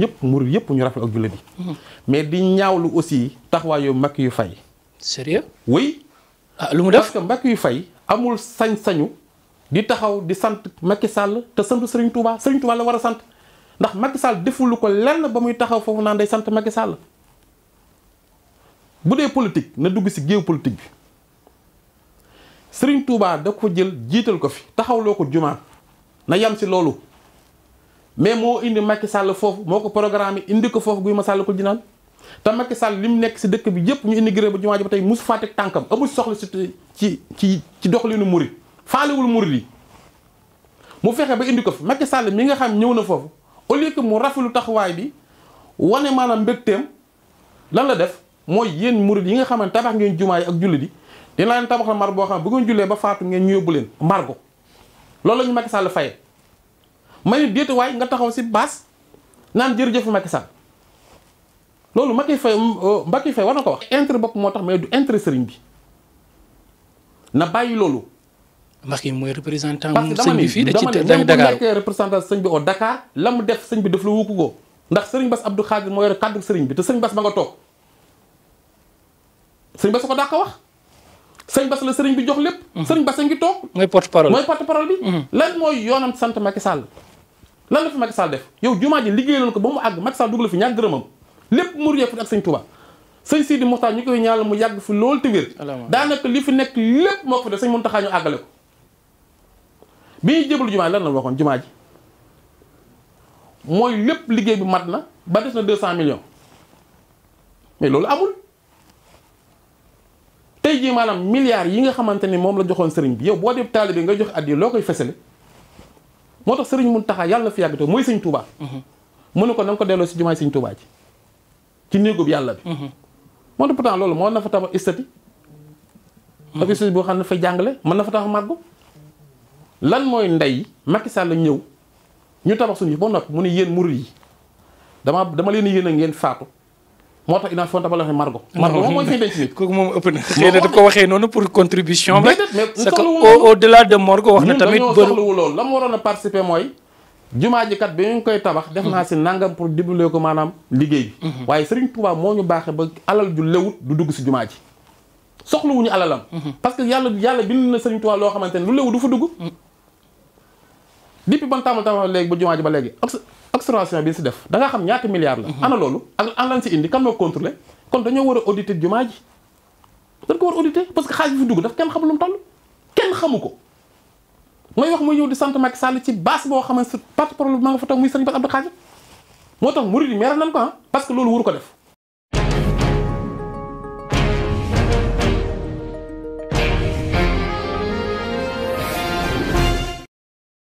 ñëpp murid yëpp ñu rafet ak jullit yi mhm. mais di ñaawlu aussi taxawaayu Mbacke yu fay. sérieux oui. ah lu mu def parce yu fay amul sañ-sañu di taxaw di sant Macky Sall te sant sëriñ Touba Serigne Touba la war a sant ndax Macky Sall deful lu ko lenn ba muy taxaw foofu naan day sant Macky Sall bu dee politique na dugg ci géew politique bi Serigne tuubaa da ko jël jiital ko fi taxaw loo ko jumaa na yam si loolu. mais moo indi Macky sàll foofu moo ko programme indi ko foofu guy ma Massalikul Jinaan te Macky Sall li mu nekk si dëkk bi yëpp ñu immigré ba jumaa ji ba tey musu faa teg tànkam amul soxla si ci ci ci doxalinu murit faalewul murit yi mu fexe ba indi ko fi Macky sàll mi nga xam ñëw na foofu au lieu que mu rafetlu taxawaay bi wane maanaam mbégteem lan la def mooy yéen murit yi nga xam ne tabax ngeen jumaa yi ak julli di dina leen tabaxal mar boo xam ne bu ngeen jullee ba faatu ngeen ñu yóbbu leen margo loolu la ñu Macky Sall faye mayu déet waay nga taxaw si baas naan jërëjëf Macky Sall loolu ma Macky Faye mm, euh, Macky Faye war na ko wax. intérêt bopp moo tax mais du intérêt sëriñ bi na bàyyi loolu. Macky mooy représentant mu sëñ bi fii parce que dama ni dama nekkee représentant sëñ bi au Dakar la mu def sëñ bi daf la wuku ko ndax sëriñ Bass Abdou Khadir moo yore kàddu sëriñ bi te sëriñ Bass ba nga toog sëriñ Bass ko daa ko wax sëriñ Bass la sëriñ bi jox lépp. Mm-hmm. sëriñ ba a ngi toog. mooy porte parole mooy porte parole bi. Mm-hmm. lan mooy yoonam sant Macky Sall. lan la fi Macky def yow jumaa ji liggéeyaloon ko ba mu àgg Macky Sall dugg la fi ñaar gërëmam lépp mu rëy ak sëñ Touba sëñ Sidi Moxtaar ñu koy ñaanal mu yàgg fi loolu te wér daanaka li fi nekk lépp moo ko fi def mun Mountakha ñu àggale ko bi ñuy jébal jumaa ji lan la waxoon jumaa ji mooy lépp liggéey bi mat na ba des na deux cent millions mais loolu amul tey jii maanaam milliards yi nga xamante ni moom la joxoon sëriñ bi yow boo dee taalibe nga joxe at yi loo koy fesale moo tax sëriñ mun taxa yàlla fi yàgg te mooy sëñ Tuubaa mu ne ko na nga ko delloo si jumaay sëñ Tuubaa ji ci néegub yàlla bi mhm. moo tax pourtant loolu moo na fa tabax istati mhm. ak istati boo xam ne dafay jàngale mën na fa tabax màggu lan mooy ndey Macky Sall la ñëw ñu tabax suñu ba noppi mu ne yéen murid yi dama dama leen yéen a ngeen faatu moo tax Ina Fonte ba la Margo. Margo moom mooy feeñ ci nit. kooku moom ëpp na xëy na daf ko waxee noonu pour contribution. mais mais au au delà de wax na tamit. bëri la waroon a participer mooy. jumaa ji kat bi ñu koy tabax. def naa si nangam pour dimbale ko maanaam liggéey bi. Mhm. waaye Serigne Touba moo ñu baaxee ba alal ju lewut du dugg si jumaa ji. soxlawuñu alalam. Mhm. parce que yàlla yàlla bind na Serigne Touba loo xamante ne lu lewu du fa dugg. Mhm. depuis ban tàmbali tàmbali léegi ba jumaa ji ba léegi observation bi si def da nga xam ñaata milliards la. Mhm. ana loolu ak an lañ si indi kan moo contrôler kon dañoo war a auditer jumaa ji dañ ko war a auditer parce que xaalis bi fi dugg daf kenn xamul mu toll kenn xamu ko. mooy wax muy ñëw di sant Macky Sall ci base boo xam ne parti problème ma nga fa toog muy sëriñ Bass Abdou Khadre moo ah, parce que loolu waru ko def.